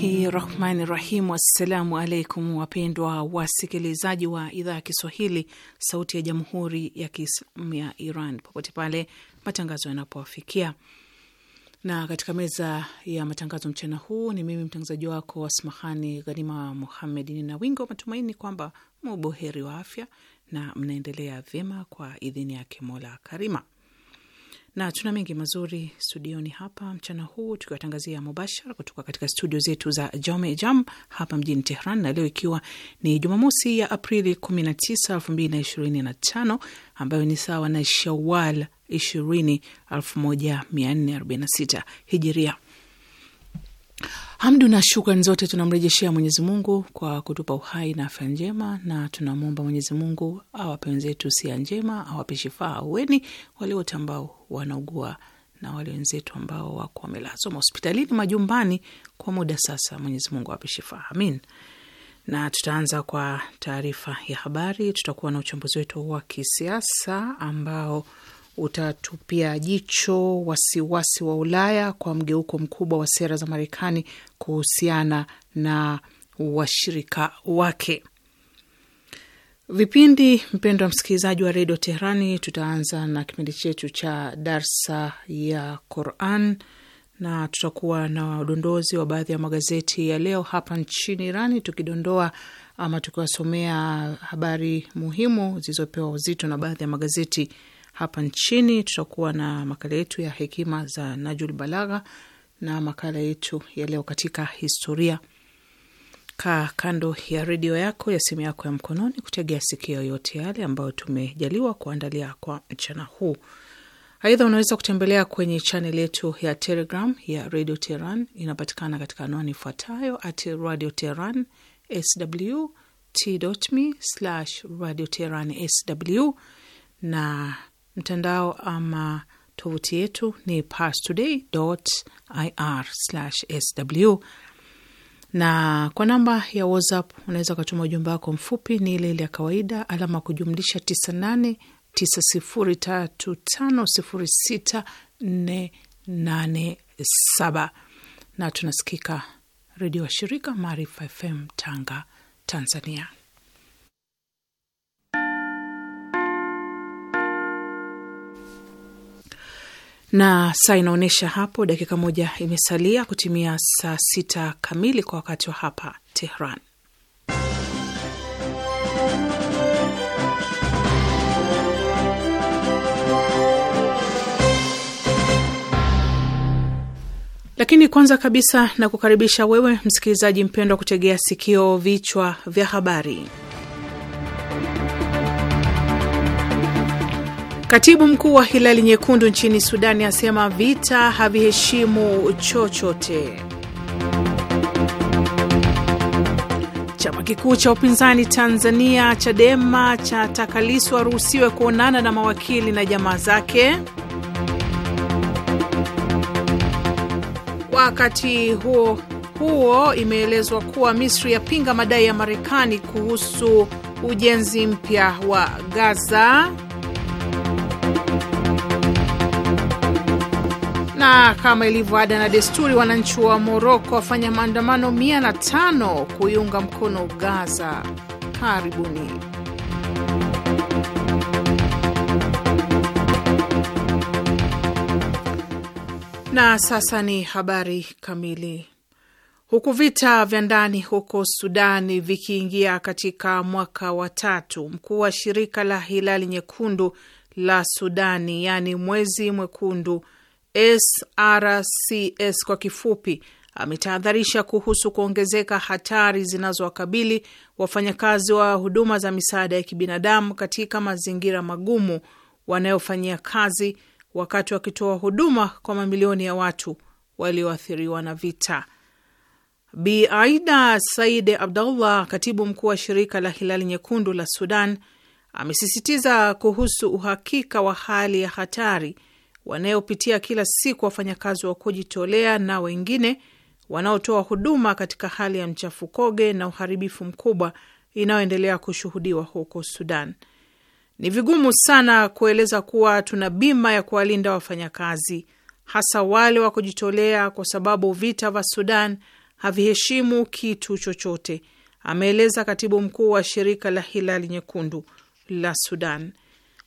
Bismillahi rahmani rahim. Assalamu alaikum wapendwa wasikilizaji wa idhaa ya Kiswahili sauti ya jamhuri ya Kiislamu ya Iran popote pale matangazo yanapowafikia. Na katika meza ya matangazo mchana huu ni mimi mtangazaji wako Asmahani Ghanima Muhammed. Nina wingi wa matumaini kwamba muboheri wa afya na mnaendelea vyema kwa idhini yake Mola Karima na tuna mengi mazuri studioni hapa mchana huu, tukiwatangazia mubashara kutoka katika studio zetu za Jame Jam hapa mjini Tehran, na leo ikiwa ni Jumamosi ya Aprili 19, 2025 ambayo ni sawa na Shawal 20, 1446 hijiria. Hamdu na shukrani zote tunamrejeshea Mwenyezi Mungu kwa kutupa uhai na afya njema, na tunamwomba Mwenyezi Mungu awape wenzetu sia njema, awape shifaa uweni wale wote ambao wanaugua na wale wenzetu ambao wako wamelazwa mahospitalini, majumbani kwa muda sasa. Mwenyezi Mungu awape shifaa, amin. Na tutaanza kwa taarifa ya habari, tutakuwa na uchambuzi wetu wa kisiasa ambao utatupia jicho wasiwasi wa Ulaya kwa mgeuko mkubwa wa sera za Marekani kuhusiana na washirika wake. Vipindi mpendo wa msikilizaji wa redio Teherani, tutaanza na kipindi chetu cha darsa ya Quran na tutakuwa na udondozi wa baadhi ya magazeti ya leo hapa nchini Irani, tukidondoa ama tukiwasomea habari muhimu zilizopewa uzito na baadhi ya magazeti hapa nchini. Tutakuwa na makala yetu ya hekima za Najul Balagha na makala yetu ya leo katika historia. Kaa kando ya redio yako ya simu yako ya mkononi kutegea sikio yote yale ambayo tumejaliwa kuandalia kwa mchana huu. Aidha, unaweza kutembelea kwenye chaneli yetu ya Telegram ya Radio Teheran. Inapatikana katika anwani ifuatayo at Radio Teheran sw t.me slash Radio Teheran sw, na mtandao ama tovuti yetu ni parstoday.ir/sw, na kwa namba ya WhatsApp unaweza ukatuma ujumbe wako mfupi, ni ile ile ya kawaida, alama kujumlisha 989035065487 na tunasikika redio wa shirika Maarifa FM Tanga, Tanzania. na saa inaonyesha hapo dakika moja imesalia kutimia saa sita kamili kwa wakati wa hapa Tehran. Lakini kwanza kabisa na kukaribisha wewe msikilizaji mpendwa kutegea sikio vichwa vya habari. Katibu mkuu wa Hilali Nyekundu nchini Sudani asema vita haviheshimu chochote. Chama kikuu cha upinzani Tanzania Chadema cha taka Lissu aruhusiwe kuonana na mawakili na jamaa zake. Wakati huo huo, imeelezwa kuwa Misri yapinga madai ya Marekani kuhusu ujenzi mpya wa Gaza. Na kama ilivyo ada na desturi, wananchi wa Moroko wafanya maandamano 5 kuiunga mkono Gaza. Karibuni. Na sasa ni habari kamili. Huku vita vya ndani huko Sudani vikiingia katika mwaka wa tatu, mkuu wa shirika la Hilali Nyekundu la Sudani, yaani Mwezi Mwekundu, SRCS kwa kifupi, ametahadharisha kuhusu kuongezeka hatari zinazowakabili wafanyakazi wa huduma za misaada ya kibinadamu katika mazingira magumu wanayofanyia kazi wakati wakitoa huduma kwa mamilioni ya watu walioathiriwa na vita. Bi Aida Saide Abdullah, katibu mkuu wa shirika la Hilali Nyekundu la Sudan, amesisitiza kuhusu uhakika wa hali ya hatari wanayopitia kila siku wafanyakazi wa kujitolea na wengine wanaotoa huduma katika hali ya mchafukoge na uharibifu mkubwa inayoendelea kushuhudiwa huko Sudan. Ni vigumu sana kueleza kuwa tuna bima ya kuwalinda wafanyakazi, hasa wale wa kujitolea, kwa sababu vita vya Sudan haviheshimu kitu chochote, ameeleza katibu mkuu wa shirika la Hilali Nyekundu la Sudan.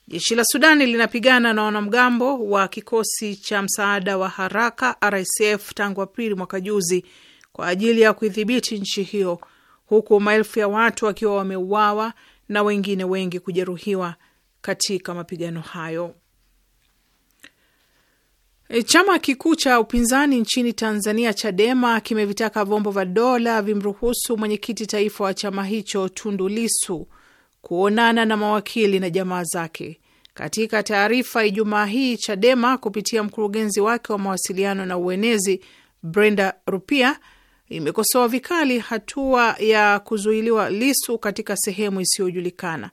Jeshi la Sudani linapigana na wanamgambo wa kikosi cha msaada wa haraka RSF tangu Aprili mwaka juzi kwa ajili ya kuidhibiti nchi hiyo, huku maelfu ya watu wakiwa wameuawa na wengine wengi kujeruhiwa katika mapigano hayo. Chama kikuu cha upinzani nchini Tanzania, Chadema, kimevitaka vyombo vya dola vimruhusu mwenyekiti taifa wa chama hicho Tundu kuonana na mawakili na jamaa zake. Katika taarifa Ijumaa hii, Chadema kupitia mkurugenzi wake wa mawasiliano na uenezi Brenda Rupia imekosoa vikali hatua ya kuzuiliwa Lisu katika sehemu isiyojulikana.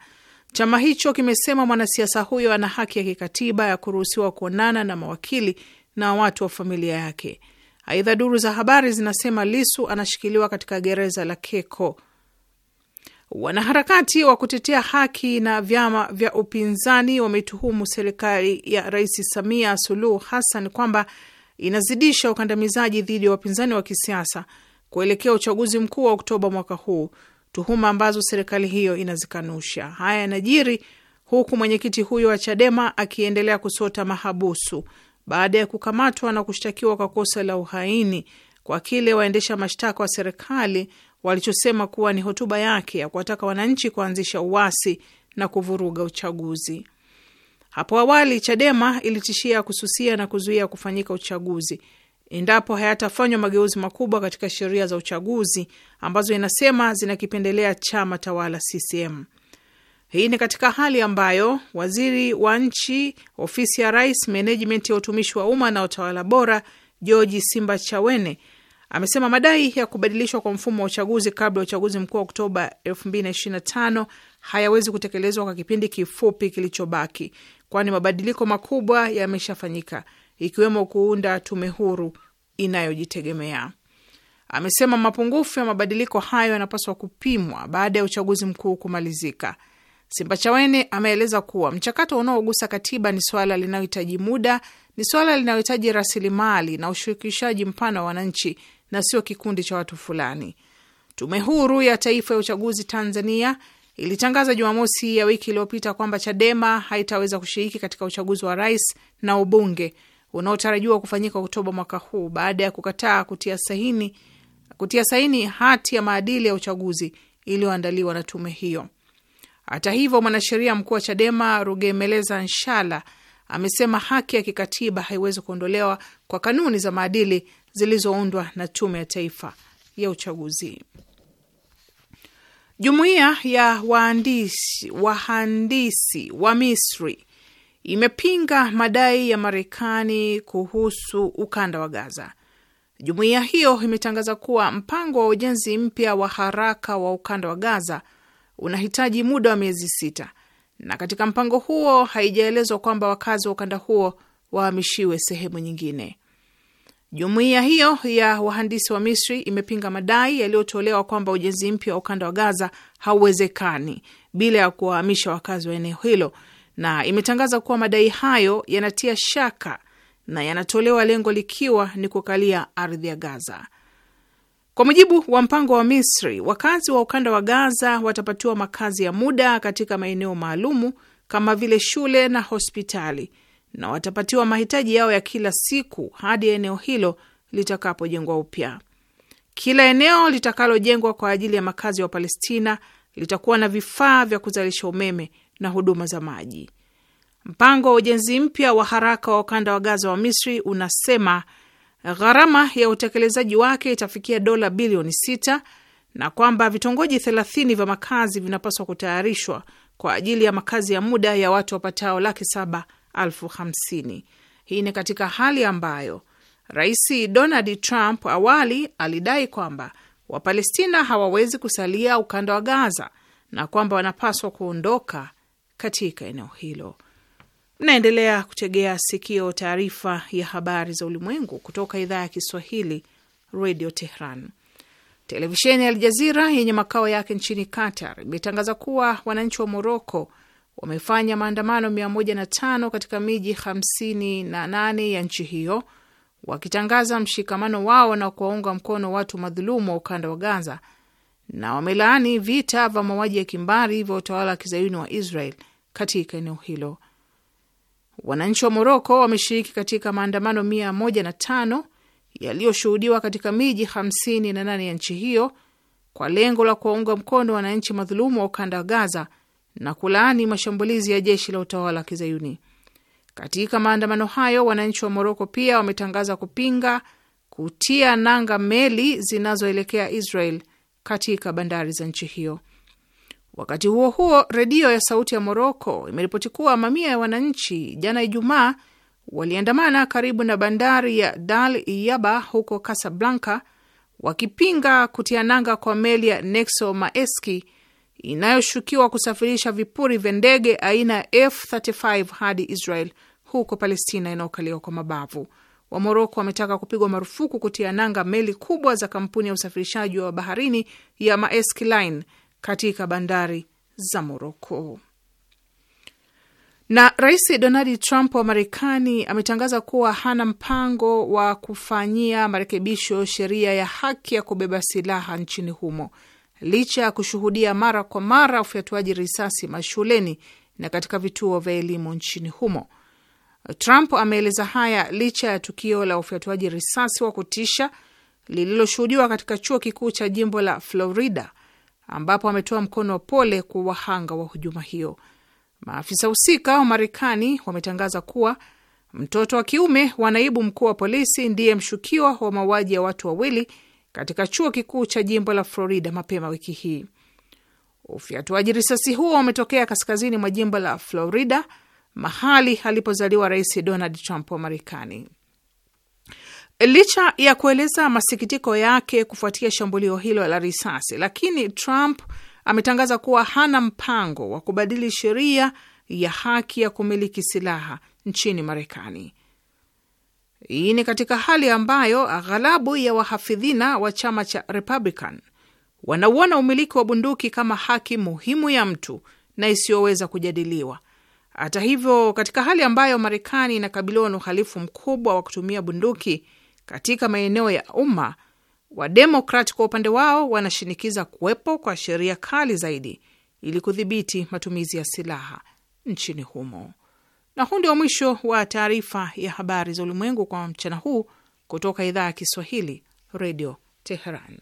Chama hicho kimesema mwanasiasa huyo ana haki ya kikatiba ya kuruhusiwa kuonana na mawakili na watu wa familia yake. Aidha, duru za habari zinasema Lisu anashikiliwa katika gereza la Keko Wanaharakati wa kutetea haki na vyama vya upinzani wametuhumu serikali ya Rais Samia Suluhu Hassan kwamba inazidisha ukandamizaji dhidi ya wapinzani wa kisiasa kuelekea uchaguzi mkuu wa Oktoba mwaka huu, tuhuma ambazo serikali hiyo inazikanusha. Haya yanajiri huku mwenyekiti huyo wa Chadema akiendelea kusota mahabusu baada ya kukamatwa na kushtakiwa kwa kosa la uhaini kwa kile waendesha mashtaka wa serikali walichosema kuwa ni hotuba yake ya kuwataka wananchi kuanzisha uasi na kuvuruga uchaguzi. Hapo awali Chadema ilitishia kususia na kuzuia kufanyika uchaguzi endapo hayatafanywa mageuzi makubwa katika sheria za uchaguzi ambazo inasema zinakipendelea chama tawala CCM. Hii ni katika hali ambayo waziri wa nchi ofisi ya rais, menejimenti ya utumishi wa umma na utawala bora, George Simba Chawene amesema madai ya kubadilishwa kwa mfumo wa uchaguzi kabla ya uchaguzi mkuu wa Oktoba 2025 hayawezi kutekelezwa kwa kipindi kifupi kilichobaki, kwani mabadiliko makubwa yameshafanyika ikiwemo kuunda tume huru inayojitegemea. Amesema mapungufu ya mabadiliko hayo yanapaswa kupimwa baada ya uchaguzi mkuu kumalizika. Simbachawene ameeleza kuwa mchakato unaogusa katiba ni suala linalohitaji muda, ni suala linalohitaji rasilimali na ushirikishaji mpana wa wananchi na sio kikundi cha watu fulani. Tume Huru ya Taifa ya Uchaguzi Tanzania ilitangaza Jumamosi ya wiki iliyopita kwamba Chadema haitaweza kushiriki katika uchaguzi wa rais na ubunge unaotarajiwa kufanyika Oktoba mwaka huu baada ya kukataa kutia saini, kutia saini hati ya maadili ya uchaguzi iliyoandaliwa na tume hiyo. Hata hivyo, mwanasheria mkuu wa Chadema Rugemeleza Nshala amesema haki ya kikatiba haiwezi kuondolewa kwa kanuni za maadili zilizoundwa na Tume ya Taifa ya Uchaguzi. Jumuiya ya wahandisi, wahandisi wa Misri imepinga madai ya Marekani kuhusu ukanda wa Gaza. Jumuiya hiyo imetangaza kuwa mpango wa ujenzi mpya wa haraka wa ukanda wa Gaza unahitaji muda wa miezi sita, na katika mpango huo haijaelezwa kwamba wakazi wa ukanda huo wahamishiwe sehemu nyingine. Jumuiya hiyo ya wahandisi wa Misri imepinga madai yaliyotolewa kwamba ujenzi mpya wa ukanda wa Gaza hauwezekani bila ya kuwahamisha wakazi wa eneo hilo, na imetangaza kuwa madai hayo yanatia shaka na yanatolewa lengo likiwa ni kukalia ardhi ya Gaza. Kwa mujibu wa mpango wa Misri, wakazi wa ukanda wa Gaza watapatiwa makazi ya muda katika maeneo maalumu kama vile shule na hospitali na watapatiwa mahitaji yao ya kila siku hadi eneo hilo litakapojengwa upya. Kila eneo litakalojengwa kwa ajili ya makazi ya wa Wapalestina litakuwa na vifaa vya kuzalisha umeme na huduma za maji. Mpango wa ujenzi mpya wa haraka wa ukanda wa Gaza wa Misri unasema gharama ya utekelezaji wake itafikia dola bilioni sita na kwamba vitongoji thelathini vya makazi vinapaswa kutayarishwa kwa ajili ya makazi ya muda ya watu wapatao laki saba elfu hamsini. Hii ni katika hali ambayo Rais Donald Trump awali alidai kwamba Wapalestina hawawezi kusalia ukanda wa Gaza na kwamba wanapaswa kuondoka katika eneo hilo. Mnaendelea kutegea sikio taarifa ya habari za ulimwengu kutoka idhaa ya Kiswahili, Radio Tehran. Televisheni ya Aljazira yenye makao yake nchini Qatar imetangaza kuwa wananchi wa Moroko wamefanya maandamano 105 katika miji 58 ya nchi hiyo wakitangaza mshikamano wao na kuwaunga mkono watu madhulumu wa ukanda wa Gaza na wamelaani vita vya mauaji ya kimbari vya utawala wa kizayuni wa Israel katika eneo hilo. Wananchi wa Moroko wameshiriki katika maandamano 105 yaliyoshuhudiwa katika miji 58 ya nchi hiyo kwa lengo la kuwaunga mkono wananchi madhulumu wa ukanda wa Gaza na kulaani mashambulizi ya jeshi la utawala wa Kizayuni. Katika maandamano hayo, wananchi wa Moroko pia wametangaza kupinga kutia nanga meli zinazoelekea Israel katika bandari za nchi hiyo. Wakati huo huo, redio ya sauti ya Moroko imeripoti kuwa mamia ya wananchi jana Ijumaa waliandamana karibu na bandari ya Dal Yaba huko Casablanca wakipinga kutia nanga kwa meli ya Nexo Maeski inayoshukiwa kusafirisha vipuri vya ndege aina ya F35 hadi Israel huko Palestina inayokaliwa kwa mabavu. Wamoroko wametaka kupigwa marufuku kutia nanga meli kubwa za kampuni ya usafirishaji wa baharini ya Maersk Line katika bandari za Moroko. Na Rais Donald Trump wa Marekani ametangaza kuwa hana mpango wa kufanyia marekebisho sheria ya haki ya kubeba silaha nchini humo licha ya kushuhudia mara kwa mara ufyatuaji risasi mashuleni na katika vituo vya elimu nchini humo. Trump ameeleza haya licha ya tukio la ufyatuaji risasi wa kutisha lililoshuhudiwa katika chuo kikuu cha jimbo la Florida, ambapo ametoa mkono wa pole kwa wahanga wa hujuma hiyo. Maafisa husika wa Marekani wametangaza kuwa mtoto wa kiume wa naibu mkuu wa polisi ndiye mshukiwa wa mauaji ya watu wawili katika chuo kikuu cha jimbo la Florida mapema wiki hii. Ufyatuaji risasi huo umetokea kaskazini mwa jimbo la Florida, mahali alipozaliwa Rais Donald Trump wa Marekani. Licha ya kueleza masikitiko yake kufuatia shambulio hilo la risasi, lakini Trump ametangaza kuwa hana mpango wa kubadili sheria ya haki ya kumiliki silaha nchini Marekani. Hii ni katika hali ambayo aghalabu ya wahafidhina wa chama cha Republican wanauona umiliki wa bunduki kama haki muhimu ya mtu na isiyoweza kujadiliwa. Hata hivyo, katika hali ambayo Marekani inakabiliwa na uhalifu mkubwa wa kutumia bunduki katika maeneo ya umma, Wademokrat kwa upande wao wanashinikiza kuwepo kwa sheria kali zaidi ili kudhibiti matumizi ya silaha nchini humo. Na huu ndio mwisho wa taarifa ya habari za ulimwengu kwa mchana huu kutoka idhaa ya Kiswahili, Redio Teheran.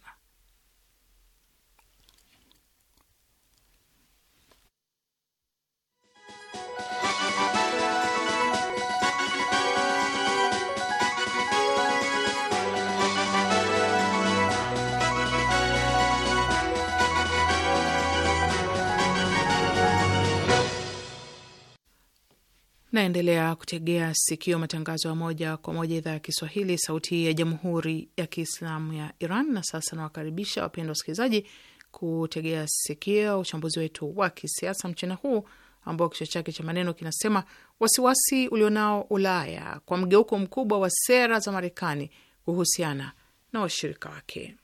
Naendelea kutegea sikio matangazo ya moja kwa moja idhaa ya Kiswahili, sauti ya jamhuri ya kiislamu ya Iran. Na sasa nawakaribisha wapendwa wasikilizaji kutegea sikio uchambuzi wetu wa kisiasa mchana huu ambao kichwa chake cha maneno kinasema wasiwasi ulionao Ulaya kwa mgeuko mkubwa wa sera za Marekani kuhusiana na washirika wake.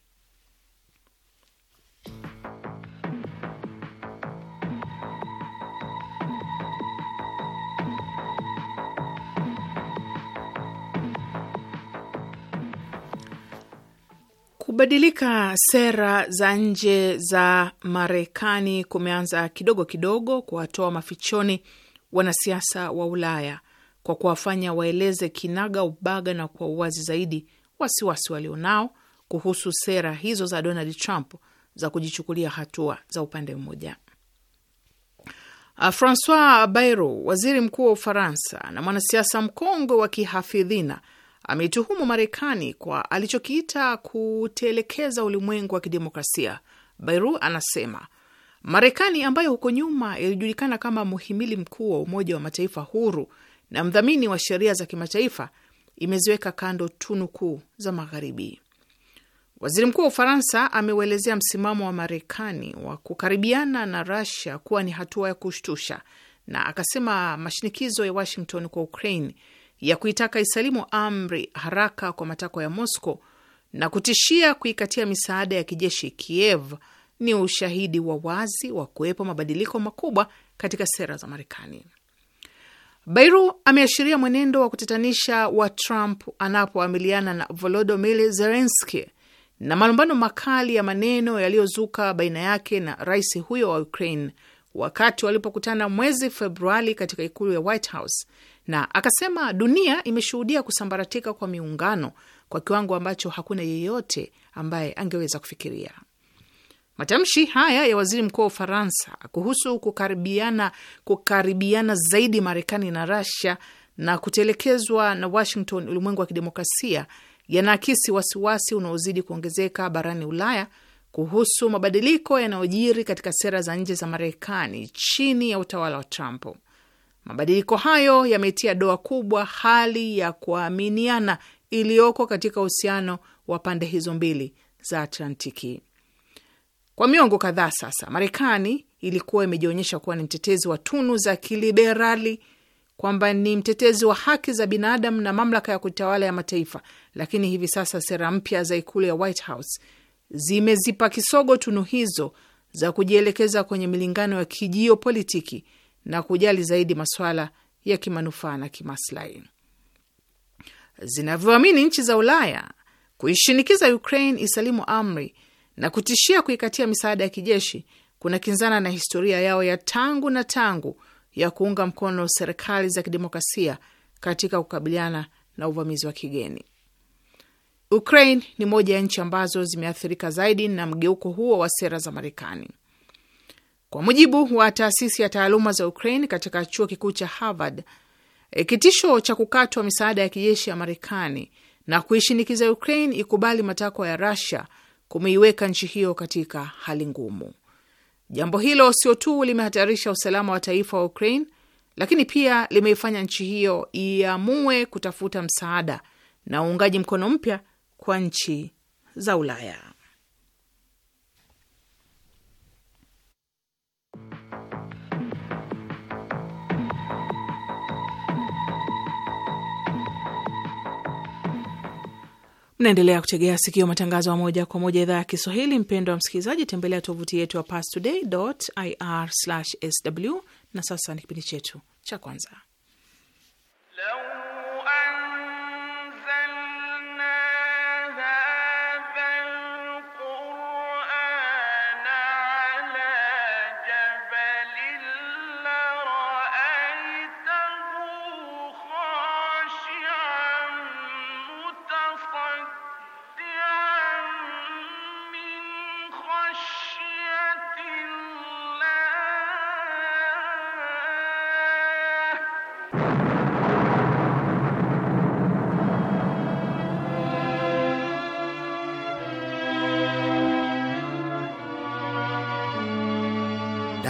Kubadilika sera za nje za Marekani kumeanza kidogo kidogo kuwatoa mafichoni wanasiasa wa Ulaya kwa kuwafanya waeleze kinaga ubaga na kwa uwazi zaidi wasiwasi walionao kuhusu sera hizo za Donald Trump za kujichukulia hatua za upande mmoja. Uh, Francois Bayrou, waziri mkuu wa Ufaransa na mwanasiasa mkongwe wa kihafidhina ameituhumu Marekani kwa alichokiita kutelekeza ulimwengu wa kidemokrasia. Bairu anasema Marekani ambayo huko nyuma ilijulikana kama muhimili mkuu wa Umoja wa Mataifa huru na mdhamini wa sheria za kimataifa imeziweka kando tunu kuu za Magharibi. Waziri mkuu wa Ufaransa ameuelezea msimamo wa Marekani wa kukaribiana na rasia kuwa ni hatua ya kushtusha, na akasema mashinikizo ya Washington kwa Ukraine ya kuitaka isalimu amri haraka kwa matakwa ya Moscow na kutishia kuikatia misaada ya kijeshi Kiev ni ushahidi wa wazi wa kuwepo mabadiliko makubwa katika sera za Marekani. Bairu ameashiria mwenendo wa kutatanisha wa Trump anapoamiliana na Volodymyr Zelensky na malumbano makali ya maneno yaliyozuka baina yake na rais huyo wa Ukraine wakati walipokutana mwezi Februari katika ikulu ya White House na akasema dunia imeshuhudia kusambaratika kwa miungano kwa kiwango ambacho hakuna yeyote ambaye angeweza kufikiria. Matamshi haya ya waziri mkuu wa Ufaransa kuhusu kukaribiana kukaribiana zaidi Marekani na rasia na kutelekezwa na Washington ulimwengu wa kidemokrasia yanaakisi wasiwasi unaozidi kuongezeka barani Ulaya kuhusu mabadiliko yanayojiri katika sera za nje za Marekani chini ya utawala wa Trump. Mabadiliko hayo yametia doa kubwa hali ya kuaminiana iliyoko katika uhusiano wa pande hizo mbili za Atlantiki. Kwa miongo kadhaa sasa, Marekani ilikuwa imejionyesha kuwa ni mtetezi wa tunu za kiliberali, kwamba ni mtetezi wa haki za binadamu na mamlaka ya kutawala ya mataifa, lakini hivi sasa sera mpya za ikulu ya White House zimezipa kisogo tunu hizo za kujielekeza kwenye milingano ya kijiopolitiki na kujali zaidi masuala ya kimanufaa na kimaslahi. Zinavyoamini nchi za Ulaya kuishinikiza Ukraine isalimu amri na kutishia kuikatia misaada ya kijeshi kuna kinzana na historia yao ya tangu na tangu ya kuunga mkono serikali za kidemokrasia katika kukabiliana na uvamizi wa kigeni. Ukraine ni moja ya nchi ambazo zimeathirika zaidi na mgeuko huo wa sera za Marekani. Kwa mujibu wa taasisi ya taaluma za Ukraine katika chuo kikuu cha Harvard, e, kitisho cha kukatwa misaada ya kijeshi ya Marekani na kuishinikiza Ukraine ikubali matakwa ya Russia kumeiweka nchi hiyo katika hali ngumu. Jambo hilo sio tu limehatarisha usalama wa taifa wa Ukraine, lakini pia limeifanya nchi hiyo iamue kutafuta msaada na uungaji mkono mpya kwa nchi za Ulaya. Naendelea kutegea sikio matangazo ya moja kwa moja idhaa ya Kiswahili. Mpendo wa msikilizaji, tembelea tovuti yetu ya pastoday.ir/sw. Na sasa ni kipindi chetu cha kwanza Hello.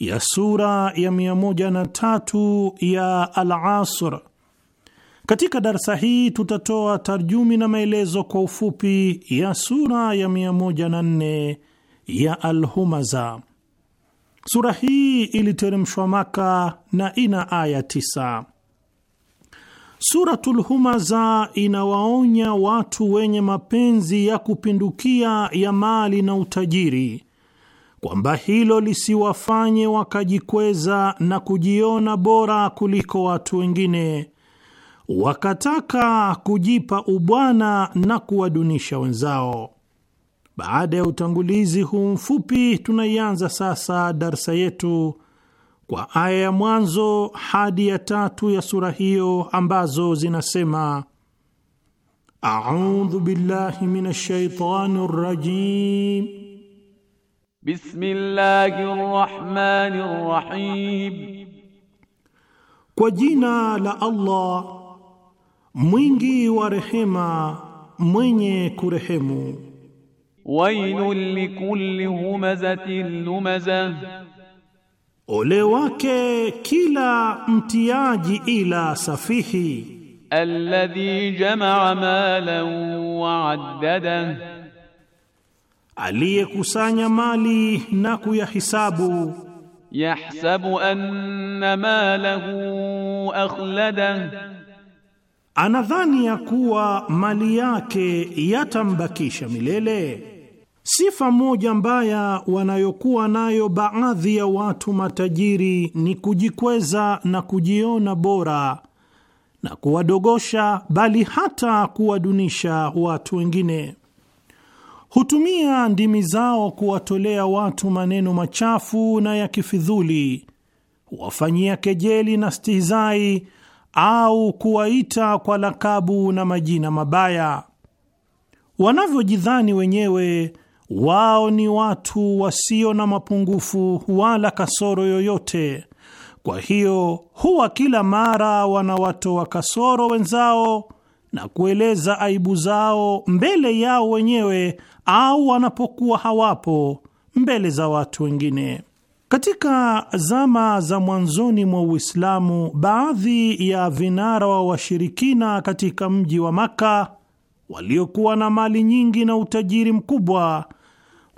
ya sura ya tatu ya Al-Asr. Katika darsa hii tutatoa tarjumi na maelezo kwa ufupi ya sura ya nne ya Al-Humaza. Sura hii iliteremshwa Maka na ina aya tisa. Suratul Humaza inawaonya watu wenye mapenzi ya kupindukia ya mali na utajiri kwamba hilo lisiwafanye wakajikweza na kujiona bora kuliko watu wengine, wakataka kujipa ubwana na kuwadunisha wenzao. Baada ya utangulizi huu mfupi, tunaianza sasa darsa yetu kwa aya ya mwanzo hadi ya tatu ya sura hiyo ambazo zinasema: audhu billahi minash shaitani rajim بسم الله الرحمن الرحيم وجينا لا الله مينجي ورحمة مني كرحم ويل لكل همزة لمزة أولوك كلا امتياج إلى صفيحي الذي جمع مالا وعدده aliyekusanya mali na kuyahisabu. Yahsabu anna malahu akhlada, anadhani ya kuwa mali yake yatambakisha milele. Sifa moja mbaya wanayokuwa nayo baadhi ya watu matajiri ni kujikweza na kujiona bora na kuwadogosha, bali hata kuwadunisha watu wengine hutumia ndimi zao kuwatolea watu maneno machafu na ya kifidhuli, huwafanyia kejeli na stihizai, au kuwaita kwa lakabu na majina mabaya. Wanavyojidhani wenyewe, wao ni watu wasio na mapungufu wala kasoro yoyote. Kwa hiyo huwa kila mara wanawatoa kasoro wenzao na kueleza aibu zao mbele yao wenyewe au wanapokuwa hawapo mbele za watu wengine. Katika zama za mwanzoni mwa Uislamu, baadhi ya vinara wa washirikina katika mji wa Makka waliokuwa na mali nyingi na utajiri mkubwa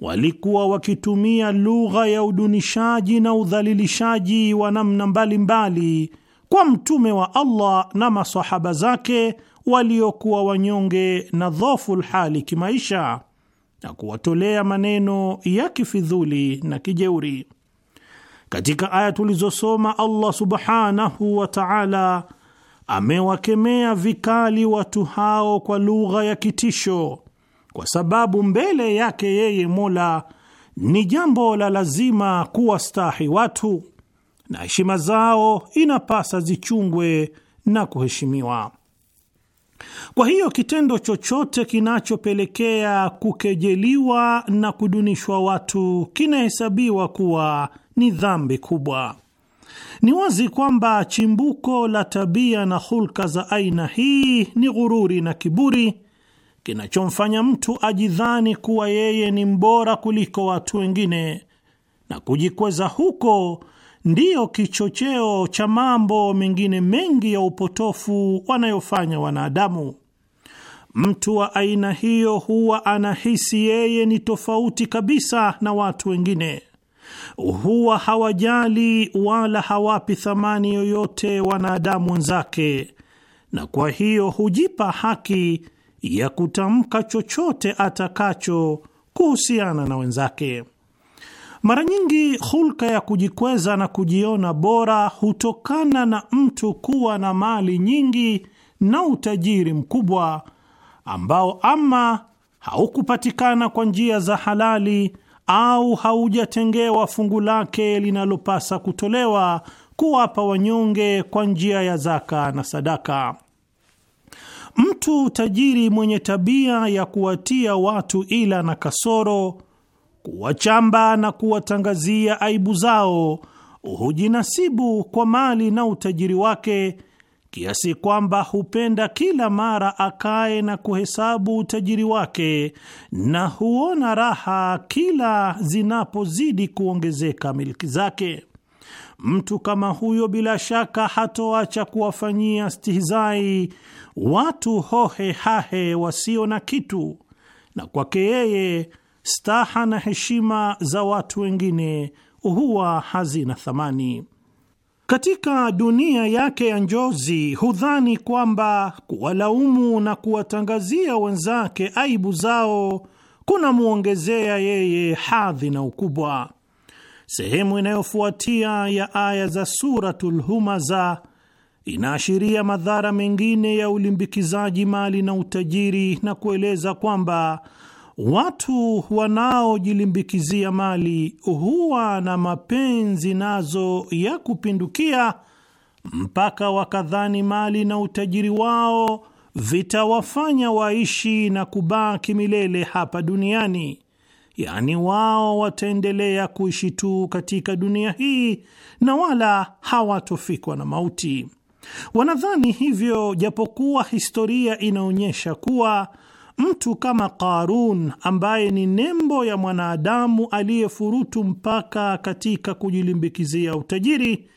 walikuwa wakitumia lugha ya udunishaji na udhalilishaji wa namna mbalimbali kwa mtume wa Allah na masahaba zake waliokuwa wanyonge na dhofu lhali kimaisha na kuwatolea maneno ya kifidhuli na kijeuri. Katika aya tulizosoma, Allah subhanahu wa ta'ala amewakemea vikali watu hao kwa lugha ya kitisho, kwa sababu mbele yake yeye Mola ni jambo la lazima kuwastahi watu na heshima zao inapasa zichungwe na kuheshimiwa. Kwa hiyo kitendo chochote kinachopelekea kukejeliwa na kudunishwa watu kinahesabiwa kuwa ni dhambi kubwa. Ni wazi kwamba chimbuko la tabia na hulka za aina hii ni ghururi na kiburi kinachomfanya mtu ajidhani kuwa yeye ni mbora kuliko watu wengine na kujikweza huko ndiyo kichocheo cha mambo mengine mengi ya upotofu wanayofanya wanadamu. Mtu wa aina hiyo huwa anahisi yeye ni tofauti kabisa na watu wengine, huwa hawajali wala hawapi thamani yoyote wanadamu wenzake, na kwa hiyo hujipa haki ya kutamka chochote atakacho kuhusiana na wenzake. Mara nyingi hulka ya kujikweza na kujiona bora hutokana na mtu kuwa na mali nyingi na utajiri mkubwa ambao ama haukupatikana kwa njia za halali au haujatengewa fungu lake linalopasa kutolewa kuwapa wanyonge kwa njia ya zaka na sadaka. Mtu tajiri mwenye tabia ya kuwatia watu ila na kasoro kuwachamba na kuwatangazia aibu zao, hujinasibu kwa mali na utajiri wake kiasi kwamba hupenda kila mara akae na kuhesabu utajiri wake na huona raha kila zinapozidi kuongezeka milki zake. Mtu kama huyo bila shaka hatoacha kuwafanyia stihizai watu hohe hahe wasio na kitu, na kwake yeye staha na heshima za watu wengine huwa hazina thamani. Katika dunia yake ya njozi, hudhani kwamba kuwalaumu na kuwatangazia wenzake aibu zao kunamwongezea yeye hadhi na ukubwa. Sehemu inayofuatia ya aya za Suratul Humaza inaashiria madhara mengine ya ulimbikizaji mali na utajiri na kueleza kwamba Watu wanaojilimbikizia mali huwa na mapenzi nazo ya kupindukia, mpaka wakadhani mali na utajiri wao vitawafanya waishi na kubaki milele hapa duniani. Yaani wao wataendelea kuishi tu katika dunia hii na wala hawatofikwa na mauti. Wanadhani hivyo, japokuwa historia inaonyesha kuwa Mtu kama Qarun ambaye ni nembo ya mwanadamu aliyefurutu mpaka katika kujilimbikizia utajiri,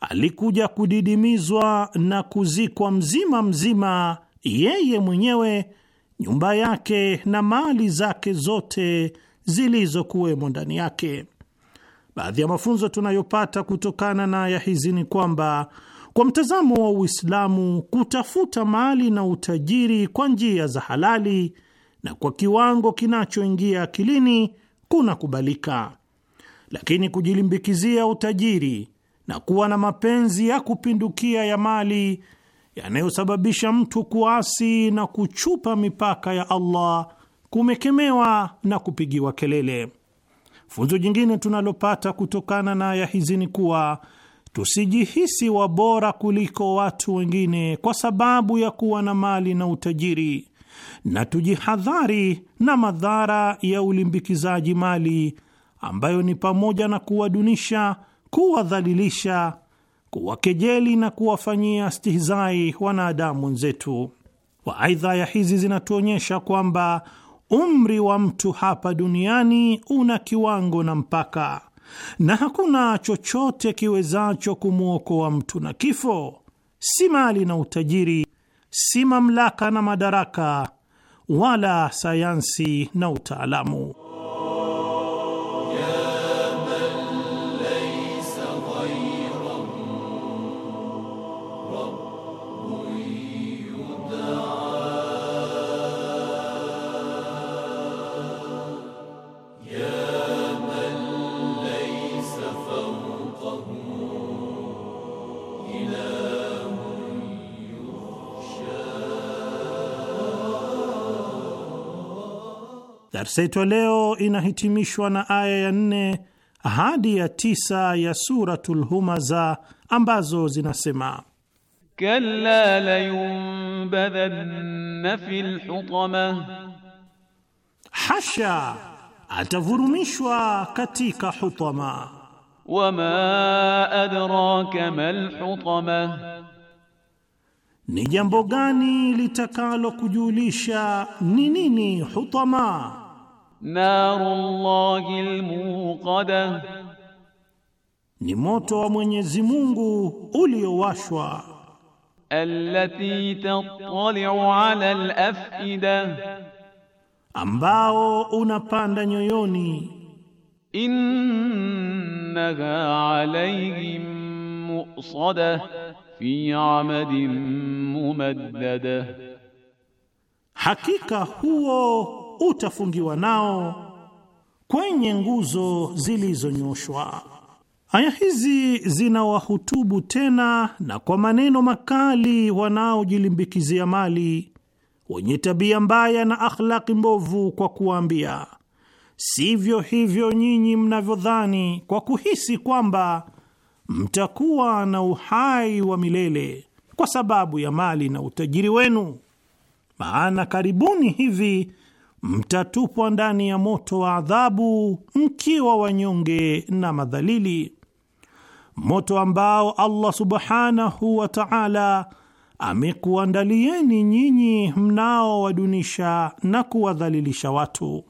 alikuja kudidimizwa na kuzikwa mzima mzima, yeye mwenyewe, nyumba yake na mali zake zote zilizokuwemo ndani yake. Baadhi ya mafunzo tunayopata kutokana na aya hizi ni kwamba kwa mtazamo wa Uislamu, kutafuta mali na utajiri kwa njia za halali na kwa kiwango kinachoingia akilini kunakubalika, lakini kujilimbikizia utajiri na kuwa na mapenzi ya kupindukia ya mali yanayosababisha mtu kuasi na kuchupa mipaka ya Allah kumekemewa na kupigiwa kelele. Funzo jingine tunalopata kutokana na aya hizi ni kuwa Tusijihisi wabora bora kuliko watu wengine kwa sababu ya kuwa na mali na utajiri, na tujihadhari na madhara ya ulimbikizaji mali ambayo ni pamoja na kuwadunisha, kuwadhalilisha, kuwakejeli na kuwafanyia stihizai wanadamu wenzetu. Waaidha, ya hizi zinatuonyesha kwamba umri wa mtu hapa duniani una kiwango na mpaka na hakuna chochote kiwezacho kumwokoa mtu na kifo, si mali na utajiri, si mamlaka na madaraka, wala sayansi na utaalamu. Darsa yetu ya leo inahitimishwa na aya ya nne hadi ya tisa ya Suratul Humaza ambazo zinasema: kalla layunbadhanna fil hutama, hasha atavurumishwa katika hutama. Wama adraka mal hutama, ni jambo gani litakalokujulisha ni nini hutama? naru Allahi almuqada, ni moto wa Mwenyezi Mungu uliowashwa. Allati tattali'u 'ala al-af'ida, ambao unapanda nyoyoni. Innaha 'alayhim mu'sada fi 'amadin mumaddada, hakika huo utafungiwa nao kwenye nguzo zilizonyoshwa. Aya hizi zinawahutubu tena na kwa maneno makali wanaojilimbikizia mali, wenye tabia mbaya na akhlaki mbovu, kwa kuwaambia sivyo hivyo nyinyi mnavyodhani, kwa kuhisi kwamba mtakuwa na uhai wa milele kwa sababu ya mali na utajiri wenu, maana karibuni hivi mtatupwa ndani ya moto wa adhabu mkiwa wanyonge na madhalili, moto ambao Allah subhanahu wa ta'ala amekuandalieni nyinyi mnaowadunisha na kuwadhalilisha watu.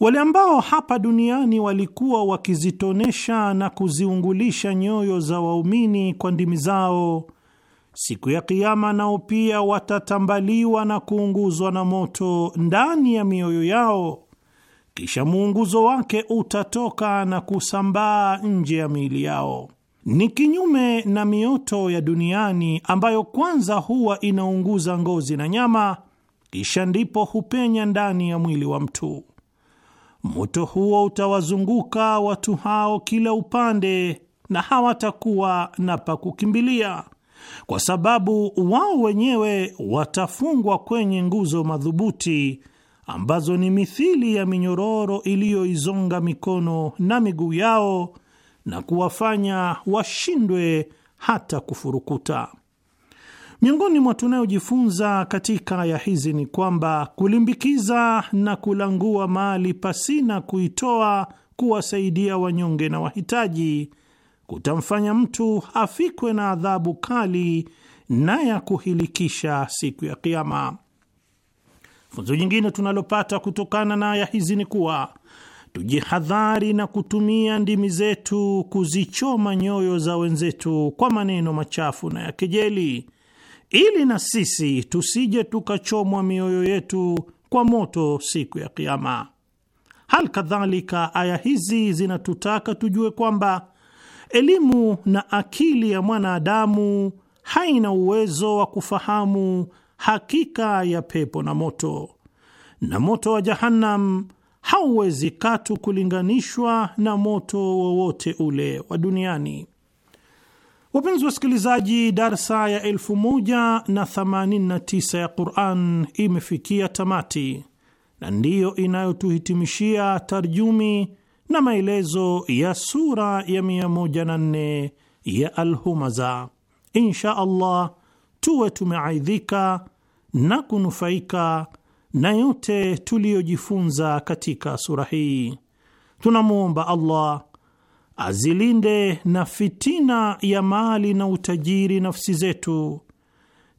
Wale ambao hapa duniani walikuwa wakizitonesha na kuziungulisha nyoyo za waumini kwa ndimi zao siku ya Kiama nao pia watatambaliwa na kuunguzwa na moto ndani ya mioyo yao, kisha muunguzo wake utatoka na kusambaa nje ya miili yao. Ni kinyume na mioto ya duniani ambayo kwanza huwa inaunguza ngozi na nyama, kisha ndipo hupenya ndani ya mwili wa mtu. Moto huo utawazunguka watu hao kila upande na hawatakuwa na pa kukimbilia kwa sababu wao wenyewe watafungwa kwenye nguzo madhubuti ambazo ni mithili ya minyororo iliyoizonga mikono na miguu yao na kuwafanya washindwe hata kufurukuta. Miongoni mwa tunayojifunza katika aya hizi ni kwamba kulimbikiza na kulangua mali pasina kuitoa kuwasaidia wanyonge na wahitaji kutamfanya mtu afikwe na adhabu kali na ya kuhilikisha siku ya Kiama. Funzo jingine tunalopata kutokana na aya hizi ni kuwa tujihadhari na kutumia ndimi zetu kuzichoma nyoyo za wenzetu kwa maneno machafu na ya kejeli, ili na sisi tusije tukachomwa mioyo yetu kwa moto siku ya Kiama. Hal kadhalika aya hizi zinatutaka tujue kwamba Elimu na akili ya mwanadamu haina uwezo wa kufahamu hakika ya pepo na moto, na moto wa Jahannam hauwezi katu kulinganishwa na moto wowote ule wa duniani. Wapenzi wasikilizaji, darsa ya 1089 ya Quran imefikia tamati na ndiyo inayotuhitimishia tarjumi na maelezo ya sura ya 104 ya Alhumaza. Insha Allah tuwe tumeaidhika na kunufaika na yote tuliyojifunza katika sura hii. Tunamwomba Allah azilinde na fitina ya mali na utajiri nafsi zetu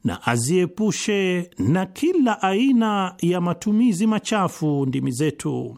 na aziepushe na kila aina ya matumizi machafu ndimi zetu.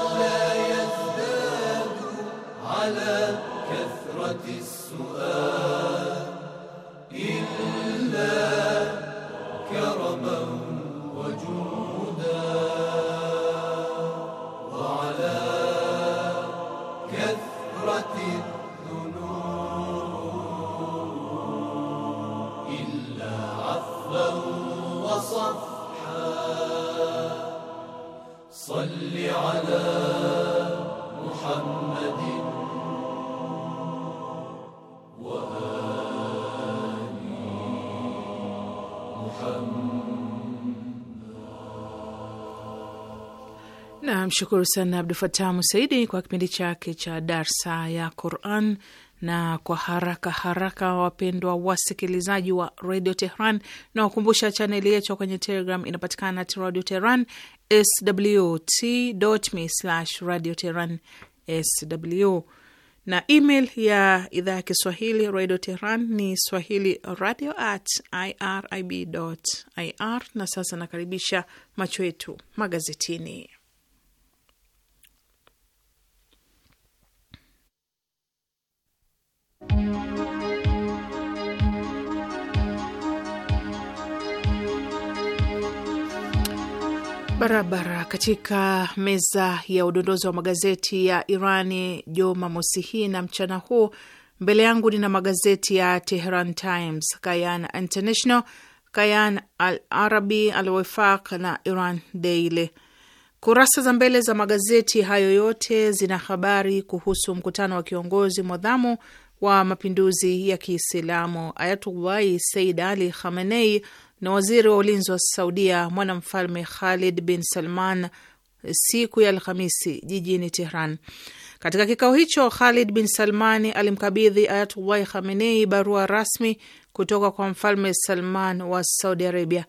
Namshukuru sana Abdu Fatah Musaidi kwa kipindi chake cha darsa ya Quran. Na kwa haraka haraka, wapendwa wasikilizaji wa Radio Tehran, na wakumbusha chaneli yetu kwenye Telegram inapatikana at Radio Tehran swt.me slash Radio Tehran sw, na email ya idhaa ya Kiswahili Radio Tehran ni swahili radio at irib.ir. Na sasa nakaribisha macho yetu magazetini Barabara katika meza ya udondozi wa magazeti ya Irani Jumamosi hii na mchana huu. Mbele yangu nina magazeti ya Tehran Times, Kayan International, Kayan Al Arabi, Al Wefaq na Iran Daily. Kurasa za mbele za magazeti hayo yote zina habari kuhusu mkutano wa kiongozi mwadhamu wa mapinduzi ya Kiislamu Ayatullahi Said Ali Khamenei na waziri wa ulinzi wa Saudia mwanamfalme Khalid bin Salman siku ya Alhamisi jijini Tehran. Katika kikao hicho, Khalid bin Salmani alimkabidhi Ayatullahi Khamenei barua rasmi kutoka kwa mfalme Salman wa Saudi Arabia.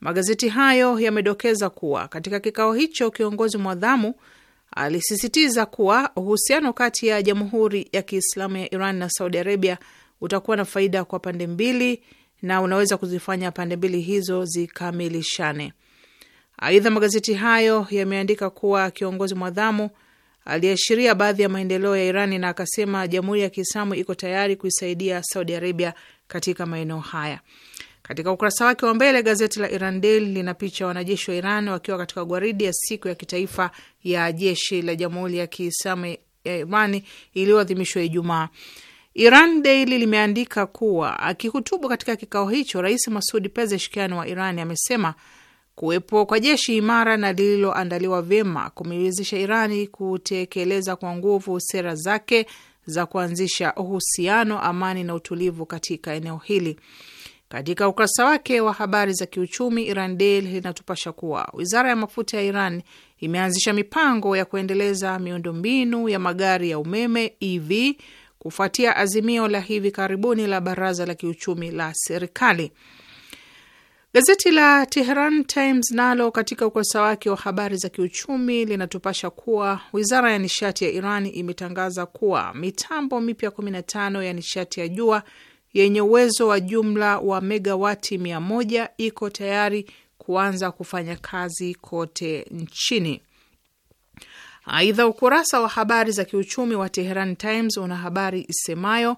Magazeti hayo yamedokeza kuwa katika kikao hicho kiongozi mwadhamu alisisitiza kuwa uhusiano kati ya Jamhuri ya Kiislamu ya Iran na Saudi Arabia utakuwa na faida kwa pande mbili na unaweza kuzifanya pande mbili hizo zikamilishane. Aidha, magazeti hayo yameandika kuwa kiongozi mwadhamu aliashiria baadhi ya maendeleo ya Irani na akasema Jamhuri ya Kiislamu iko tayari kuisaidia Saudi Arabia katika maeneo haya. Katika ukurasa wake wa mbele gazeti la Iran Daily lina picha wanajeshi wa Iran wakiwa katika gwaridi ya siku ya kitaifa ya jeshi la jamhuri ya Kiislamu ya Irani iliyoadhimishwa Ijumaa. Iran Daily limeandika kuwa akihutubu katika kikao hicho, Rais Masudi Pezeshkian wa Iran amesema kuwepo kwa jeshi imara na lililoandaliwa vyema kumewezesha Irani kutekeleza kwa nguvu sera zake za kuanzisha uhusiano, amani na utulivu katika eneo hili. Katika ukurasa wake wa habari za kiuchumi, Iran Daily linatupasha kuwa wizara ya mafuta ya Iran imeanzisha mipango ya kuendeleza miundombinu ya magari ya umeme EV kufuatia azimio la hivi karibuni la baraza la kiuchumi la serikali. Gazeti la Tehran Times nalo katika ukurasa wake wa habari za kiuchumi linatupasha kuwa wizara ya nishati ya Iran imetangaza kuwa mitambo mipya 15 ya nishati ya jua yenye uwezo wa jumla wa megawati mia moja iko tayari kuanza kufanya kazi kote nchini. Aidha, ukurasa wa habari za kiuchumi wa Teheran Times una habari isemayo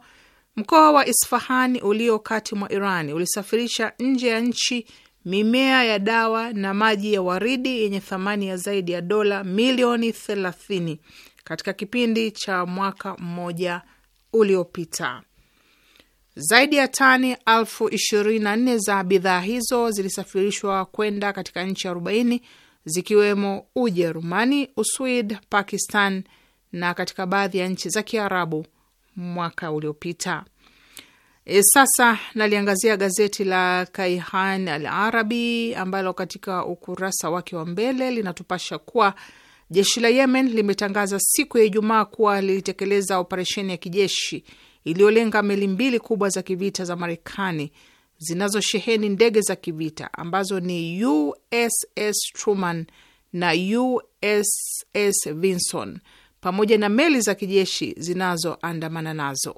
mkoa wa Isfahani ulio kati mwa Iran ulisafirisha nje ya nchi mimea ya dawa na maji ya waridi yenye thamani ya zaidi ya dola milioni 30 katika kipindi cha mwaka mmoja uliopita. Zaidi ya tani elfu ishirini na nne za bidhaa hizo zilisafirishwa kwenda katika nchi arobaini zikiwemo Ujerumani, Uswid, Pakistan na katika baadhi ya nchi za Kiarabu mwaka uliopita. E, sasa naliangazia gazeti la Kaihan Al Arabi ambalo katika ukurasa wake wa mbele linatupasha kuwa jeshi la Yemen limetangaza siku ya Ijumaa kuwa lilitekeleza operesheni ya kijeshi iliyolenga meli mbili kubwa za kivita za Marekani zinazosheheni ndege za kivita ambazo ni USS Truman na USS Vinson pamoja na meli za kijeshi zinazoandamana nazo.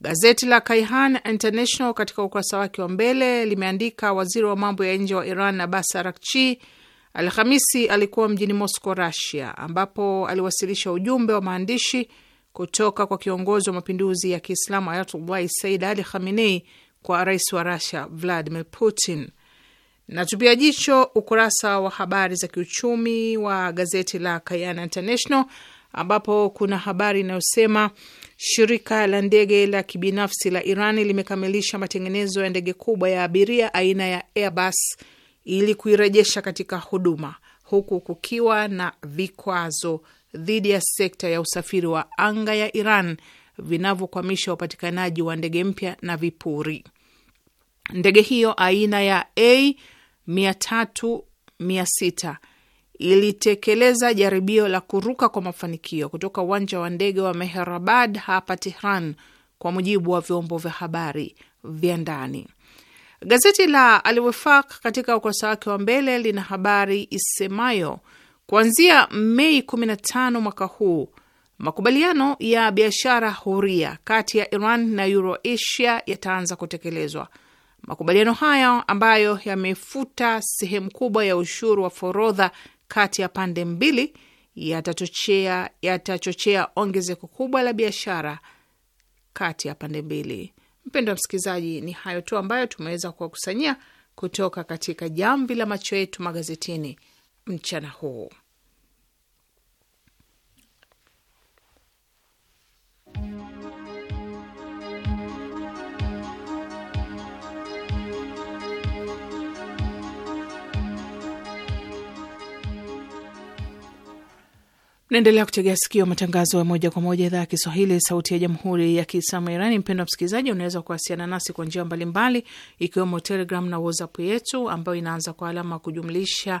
Gazeti la Kaihan International katika ukurasa wake wa mbele limeandika waziri wa mambo ya nje wa Iran Abbas arakchi Alhamisi alikuwa mjini Moscow, Russia, ambapo aliwasilisha ujumbe wa maandishi kutoka kwa kiongozi wa mapinduzi ya Kiislamu Ayatullahi Said Ali Khamenei kwa rais wa Rusia Vladimir Putin. Natupia jicho ukurasa wa habari za kiuchumi wa gazeti la Kayana International ambapo kuna habari inayosema shirika la ndege la kibinafsi la iran limekamilisha matengenezo ya ndege kubwa ya abiria aina ya Airbus ili kuirejesha katika huduma huku kukiwa na vikwazo dhidi ya sekta ya usafiri wa anga ya Iran vinavyokwamisha upatikanaji wa ndege mpya na vipuri. Ndege hiyo aina ya A 3600 ilitekeleza jaribio la kuruka kwa mafanikio kutoka uwanja wa ndege wa Mehrabad hapa Tehran, kwa mujibu wa vyombo vya habari vya ndani. Gazeti la Al Wefaq katika ukurasa wake wa mbele lina habari isemayo Kuanzia Mei 15 mwaka huu, makubaliano ya biashara huria kati ya Iran na Euroasia yataanza kutekelezwa. Makubaliano hayo ambayo yamefuta sehemu kubwa ya ushuru wa forodha kati ya pande mbili yatachochea yatachochea ongezeko kubwa la biashara kati ya pande mbili. Mpendo wa msikilizaji, ni hayo tu ambayo tumeweza kuwakusanyia kutoka katika jamvi la macho yetu magazetini mchana huu. Naendelea kutegea sikio matangazo ya moja kwa moja idhaa ya Kiswahili, sauti ya jamhuri ya kiislamu ya Irani. Mpendwa msikilizaji, unaweza kuwasiliana nasi kwa njia mbalimbali, ikiwemo Telegram na WhatsApp yetu ambayo inaanza kwa alama kujumlisha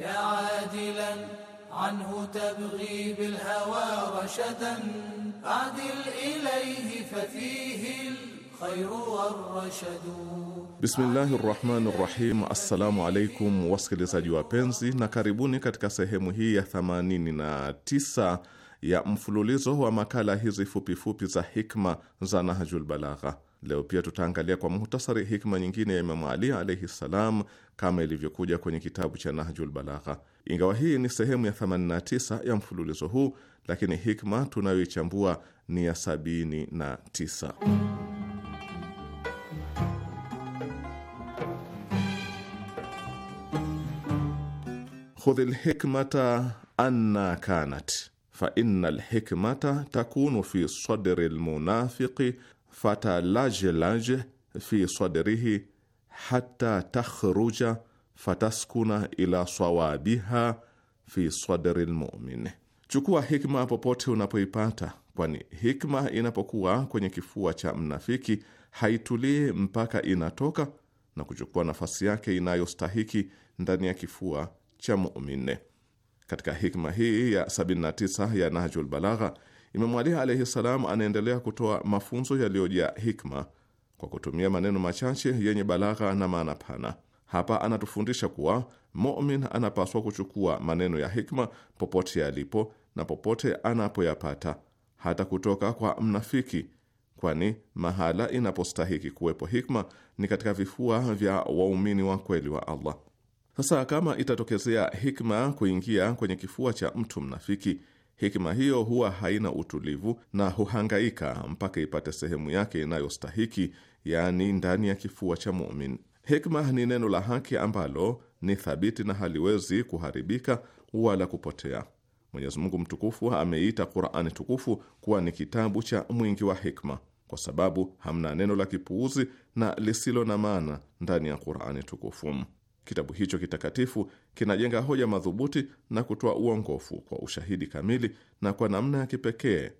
يا عادلا عنه تبغي بالهوى رشدا أعدل إليه ففيه الخير والرشد Bismillahi rahmani rahim. Assalamu alaikum wasikilizaji wapenzi, na karibuni katika sehemu hii ya 89 ya mfululizo wa makala hizi fupifupi fupi za hikma za Nahjul Balagha. Leo pia tutaangalia kwa muhtasari hikma nyingine ya Imamu Ali alaihi ssalam kama ilivyokuja kwenye kitabu cha Nahjul Balagha. Ingawa hii ni sehemu ya 89 ya mfululizo huu, lakini hikma tunayoichambua ni ya 79. Khudhil hikmata anna kanat fa inna lhikmata takunu fi sadri lmunafiqi fata laje laje fi sadrihi hata takhruja fataskuna ila sawabiha fi sadri lmumin. Chukua hikma popote unapoipata, kwani hikma inapokuwa kwenye kifua cha mnafiki haitulii mpaka inatoka na kuchukua nafasi yake inayostahiki ndani ya kifua cha mumine Katika hikma hii ya 79 ya Nahjul Balagha Imamu Ali alaihi salam anaendelea kutoa mafunzo yaliyojaa hikma kwa kutumia maneno machache yenye balagha na maana pana. Hapa anatufundisha kuwa mumin anapaswa kuchukua maneno ya hikma popote yalipo na popote anapoyapata, hata kutoka kwa mnafiki, kwani mahala inapostahiki kuwepo hikma ni katika vifua vya waumini wa kweli wa Allah. Sasa kama itatokezea hikma kuingia kwenye kifua cha mtu mnafiki hikima hiyo huwa haina utulivu na huhangaika mpaka ipate sehemu yake inayostahiki, yaani ndani ya kifua cha muumini. Hikma ni neno la haki ambalo ni thabiti na haliwezi kuharibika wala kupotea. Mwenyezi Mungu mtukufu ameita Qur'ani tukufu kuwa ni kitabu cha mwingi wa hikma, kwa sababu hamna neno la kipuuzi na lisilo na maana ndani ya Qur'ani tukufu. Kitabu hicho kitakatifu kinajenga hoja madhubuti na kutoa uongofu kwa ushahidi kamili na kwa namna ya kipekee.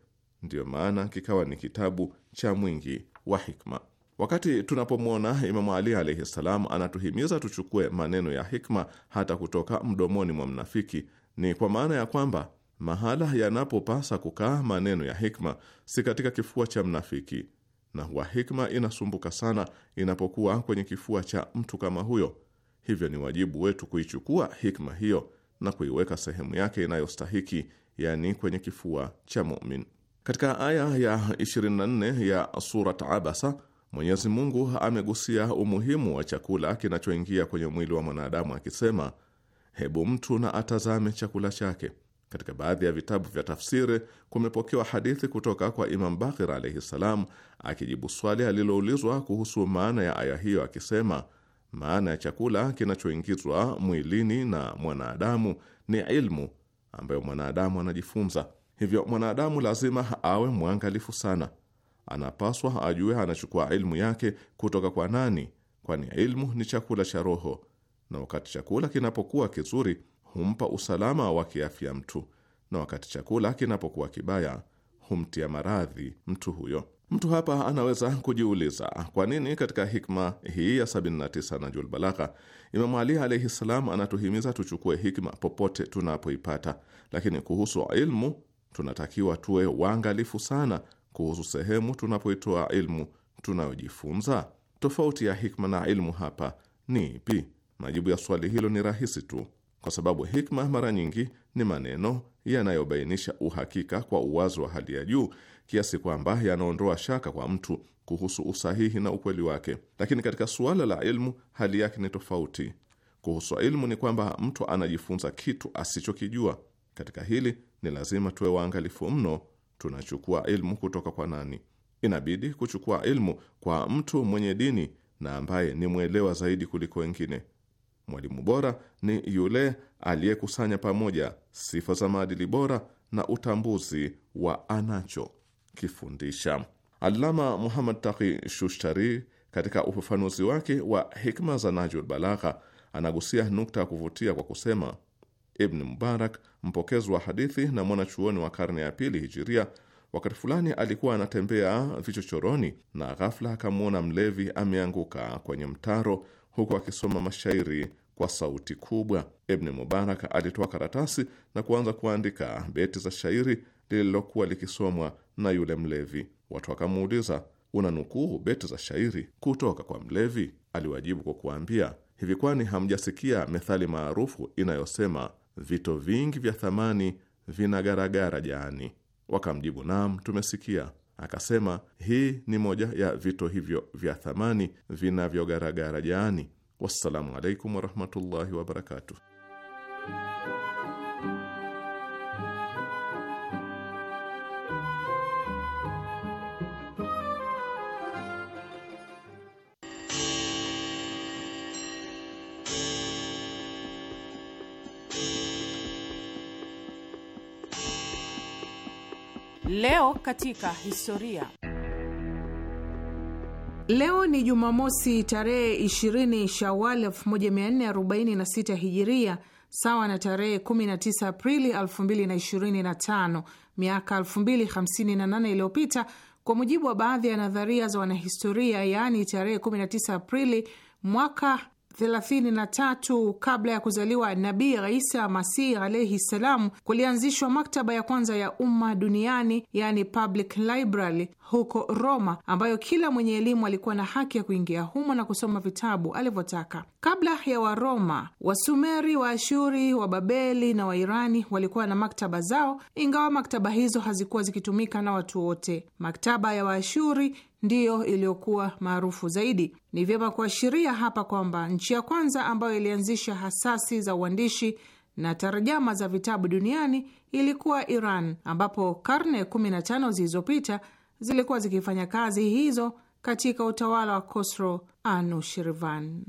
Ndiyo maana kikawa ni kitabu cha mwingi wa hikma. Wakati tunapomwona Imamu Ali alaihi ssalam anatuhimiza tuchukue maneno ya hikma hata kutoka mdomoni mwa mnafiki, ni kwa maana ya kwamba mahala yanapopasa kukaa maneno ya hikma si katika kifua cha mnafiki, na huwa hikma inasumbuka sana inapokuwa kwenye kifua cha mtu kama huyo. Hivyo ni wajibu wetu kuichukua hikma hiyo na kuiweka sehemu yake inayostahiki, yani kwenye kifua cha mumin. Katika aya ya 24 ya Surat Abasa, Mwenyezi Mungu amegusia umuhimu wa chakula kinachoingia kwenye mwili wa mwanadamu akisema, hebu mtu na atazame chakula chake. Katika baadhi ya vitabu vya tafsiri kumepokewa hadithi kutoka kwa Imam Bakir alaihi ssalam akijibu swali aliloulizwa kuhusu maana ya aya hiyo akisema maana ya chakula kinachoingizwa mwilini na mwanadamu ni ilmu ambayo mwanadamu anajifunza. Hivyo mwanadamu lazima awe mwangalifu sana, anapaswa ajue anachukua ilmu yake kutoka kwa nani, kwani ilmu ni chakula cha roho, na wakati chakula kinapokuwa kizuri humpa usalama wa kiafya mtu, na wakati chakula kinapokuwa kibaya humtia maradhi mtu huyo. Mtu hapa anaweza kujiuliza kwa nini katika hikma hii ya 79 Najul Balagha Imamu Ali alaihi ssalam anatuhimiza tuchukue hikma popote tunapoipata, lakini kuhusu ilmu tunatakiwa tuwe waangalifu sana kuhusu sehemu tunapoitoa ilmu tunayojifunza. Tofauti ya hikma na ilmu hapa ni ipi? Majibu ya swali hilo ni rahisi tu, kwa sababu hikma mara nyingi ni maneno yanayobainisha uhakika kwa uwazi wa hali ya juu kiasi kwamba yanaondoa shaka kwa mtu kuhusu usahihi na ukweli wake. Lakini katika suala la ilmu hali yake ni tofauti. Kuhusu ilmu ni kwamba mtu anajifunza kitu asichokijua. Katika hili ni lazima tuwe waangalifu mno. Tunachukua ilmu kutoka kwa nani? Inabidi kuchukua ilmu kwa mtu mwenye dini na ambaye ni mwelewa zaidi kuliko wengine. Mwalimu bora ni yule aliyekusanya pamoja sifa za maadili bora na utambuzi wa anacho kifundisha alama Muhammad Taqi Shushtari katika ufafanuzi wake wa hikma za Najul Balagha anagusia nukta ya kuvutia kwa kusema, Ibn Mubarak, mpokezi wa hadithi na mwanachuoni wa karne ya pili hijiria, wakati fulani alikuwa anatembea vichochoroni na ghafla akamwona mlevi ameanguka kwenye mtaro huku akisoma mashairi kwa sauti kubwa. Ibn Mubarak alitoa karatasi na kuanza kuandika beti za shairi lililokuwa likisomwa na yule mlevi. Watu wakamuuliza, unanukuu beti za shairi kutoka kwa mlevi? Aliwajibu kwa kuambia hivi, kwani hamjasikia methali maarufu inayosema vito vingi vya thamani vinagaragara jaani? Wakamjibu, naam, tumesikia. Akasema, hii ni moja ya vito hivyo vya thamani vinavyogaragara jaani. Wassalamu alaikum warahmatullahi wabarakatuh. Leo katika historia. Leo ni Jumamosi tarehe 20 Shawal 1446 Hijiria, sawa na tarehe 19 Aprili 2025, miaka 2058 iliyopita, kwa mujibu wa baadhi ya nadharia za wanahistoria. Yaani tarehe 19 Aprili mwaka 33 kabla ya kuzaliwa Nabii Isa Masih alaihi ssalam, kulianzishwa maktaba ya kwanza ya umma duniani, yani public library huko Roma, ambayo kila mwenye elimu alikuwa na haki ya kuingia humo na kusoma vitabu alivyotaka. Kabla ya Waroma, Wasumeri, Waashuri, Wababeli na Wairani walikuwa na maktaba zao, ingawa maktaba hizo hazikuwa zikitumika na watu wote. Maktaba ya Waashuri ndiyo iliyokuwa maarufu zaidi. Ni vyema kuashiria hapa kwamba nchi ya kwanza ambayo ilianzisha hasasi za uandishi na tarjama za vitabu duniani ilikuwa Iran, ambapo karne 15 zilizopita zilikuwa zikifanya kazi hizo katika utawala wa Khosrow Anushirvan.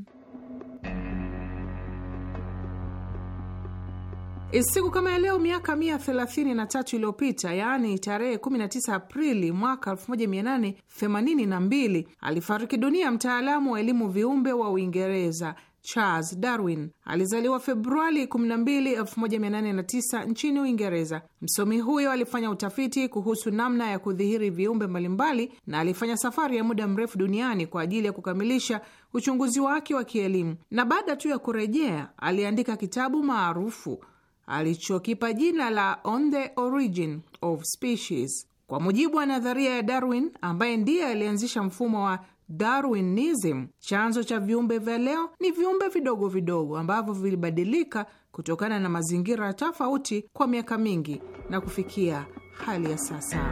E, siku kama ya leo miaka mia thelathini na tatu iliyopita, yaani tarehe 19 Aprili mwaka 1882 alifariki dunia mtaalamu wa elimu viumbe wa Uingereza Charles Darwin. Alizaliwa Februari 12, 1809 nchini Uingereza. Msomi huyo alifanya utafiti kuhusu namna ya kudhihiri viumbe mbalimbali na alifanya safari ya muda mrefu duniani kwa ajili ya kukamilisha uchunguzi wake wa kielimu, na baada tu ya kurejea aliandika kitabu maarufu alichokipa jina la On the Origin of Species. Kwa mujibu wa nadharia ya Darwin, ambaye ndiye alianzisha mfumo wa Darwinism, chanzo cha viumbe vya leo ni viumbe vidogo vidogo ambavyo vilibadilika kutokana na mazingira tofauti kwa miaka mingi na kufikia hali ya sasa.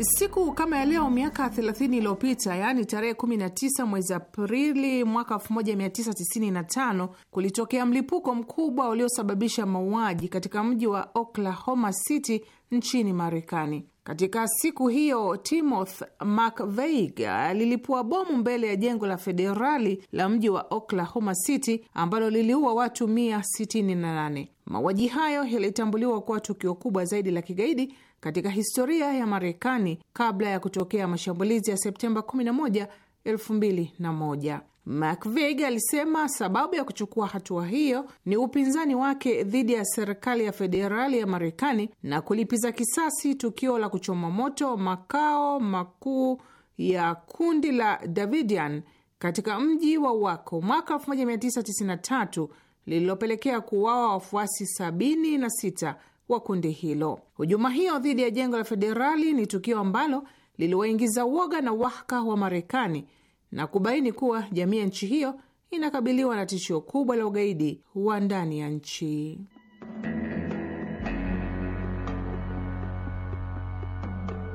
Siku kama ya leo miaka 30 iliyopita, yaani tarehe 19 mwezi Aprili mwaka 1995, kulitokea mlipuko mkubwa uliosababisha mauaji katika mji wa Oklahoma City nchini Marekani. Katika siku hiyo Timothy McVeigh alilipua bomu mbele ya jengo la federali la mji wa Oklahoma City ambalo liliua watu 168. Mauaji hayo yalitambuliwa kuwa tukio kubwa zaidi la kigaidi katika historia ya Marekani kabla ya kutokea mashambulizi ya Septemba 11, 2001. McVeigh alisema sababu ya kuchukua hatua hiyo ni upinzani wake dhidi ya serikali ya federali ya Marekani na kulipiza kisasi tukio la kuchoma moto makao makuu ya kundi la Davidian katika mji wa Waco mwaka 1993 lililopelekea kuwawa wafuasi 76 wa kundi hilo. Hujuma hiyo dhidi ya jengo la federali ni tukio ambalo liliwaingiza woga na wahaka wa Marekani na kubaini kuwa jamii ya nchi hiyo inakabiliwa na tishio kubwa la ugaidi wa ndani ya nchi.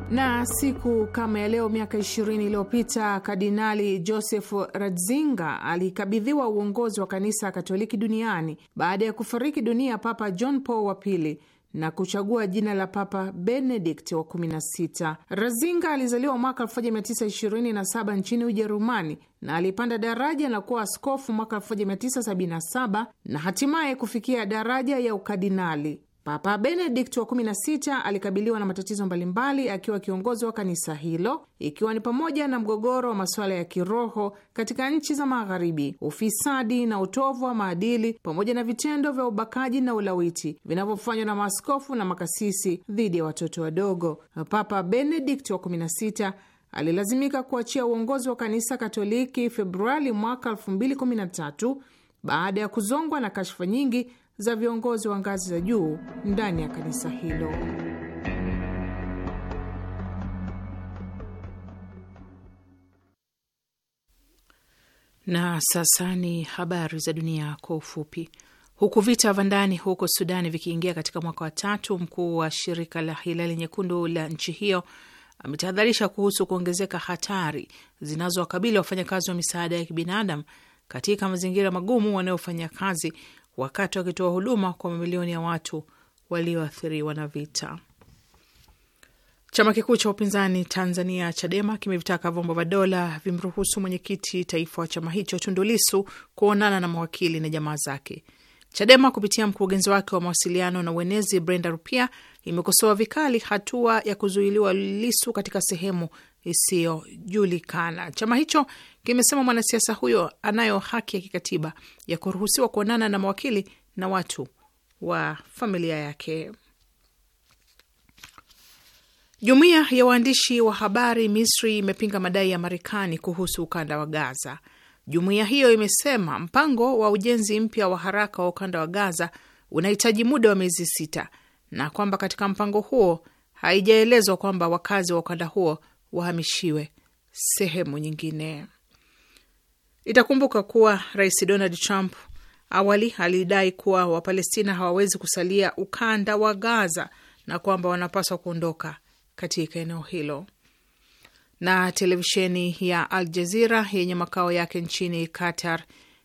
Na siku kama ya leo miaka 20 iliyopita Kardinali Joseph Ratzinger alikabidhiwa uongozi wa kanisa Katoliki duniani baada ya kufariki dunia Papa John Paul wa pili na kuchagua jina la Papa Benedict wa 16. Razinga alizaliwa mwaka 1927 nchini Ujerumani na alipanda daraja na kuwa askofu mwaka 1977 na hatimaye kufikia daraja ya ukardinali. Papa Benedikt wa 16 alikabiliwa na matatizo mbalimbali akiwa kiongozi wa kanisa hilo, ikiwa ni pamoja na mgogoro wa masuala ya kiroho katika nchi za Magharibi, ufisadi na utovu wa maadili, pamoja na vitendo vya ubakaji na ulawiti vinavyofanywa na maaskofu na makasisi dhidi ya watoto wadogo. Papa Benedikt wa 16 alilazimika kuachia uongozi wa kanisa Katoliki Februari mwaka 2013 baada ya kuzongwa na kashfa nyingi za viongozi wa ngazi za juu ndani ya kanisa hilo. Na sasa ni habari za dunia kwa ufupi. Huku vita vya ndani huko Sudani vikiingia katika mwaka wa tatu, mkuu wa shirika la Hilali Nyekundu la nchi hiyo ametahadharisha kuhusu kuongezeka hatari zinazowakabili wafanyakazi wa misaada ya kibinadamu katika mazingira magumu wanayofanya kazi wakati wakitoa huduma kwa mamilioni ya watu walioathiriwa na vita. Chama kikuu cha upinzani Tanzania Chadema kimevitaka vyombo vya dola vimruhusu mwenyekiti taifa wa chama hicho Tundu kuonana na mawakili na jamaa zake. Chadema kupitia mkurugenzi wake wa mawasiliano na uenezi Brenda Rupia imekosoa vikali hatua ya kuzuiliwa lisu katika sehemu isiyojulikana. Chama hicho kimesema mwanasiasa huyo anayo haki ya kikatiba ya kuruhusiwa kuonana na mawakili na watu wa familia yake. Jumuiya ya waandishi wa habari Misri imepinga madai ya Marekani kuhusu ukanda wa Gaza. Jumuiya hiyo imesema mpango wa ujenzi mpya wa haraka wa ukanda wa Gaza unahitaji muda wa miezi sita na kwamba katika mpango huo haijaelezwa kwamba wakazi wa ukanda huo wahamishiwe sehemu nyingine. Itakumbuka kuwa Rais Donald Trump awali alidai kuwa Wapalestina hawawezi kusalia ukanda wa Gaza na kwamba wanapaswa kuondoka katika eneo hilo. Na televisheni ya Al Jazira yenye makao yake nchini Qatar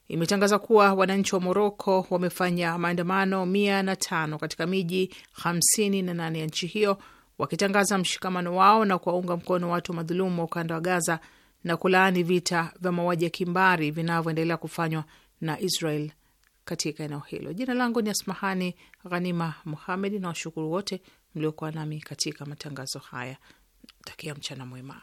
imetangaza kuwa wananchi wa Moroko wamefanya maandamano mia na tano katika miji hamsini na nane ya nchi hiyo wakitangaza mshikamano wao na kuwaunga mkono watu madhulumu wa ukanda wa Gaza na kulaani vita vya mauaji ya kimbari vinavyoendelea kufanywa na Israel katika eneo hilo. Jina langu ni Asmahani Ghanima Muhamed na washukuru wote mliokuwa nami katika matangazo haya. Takia mchana mwema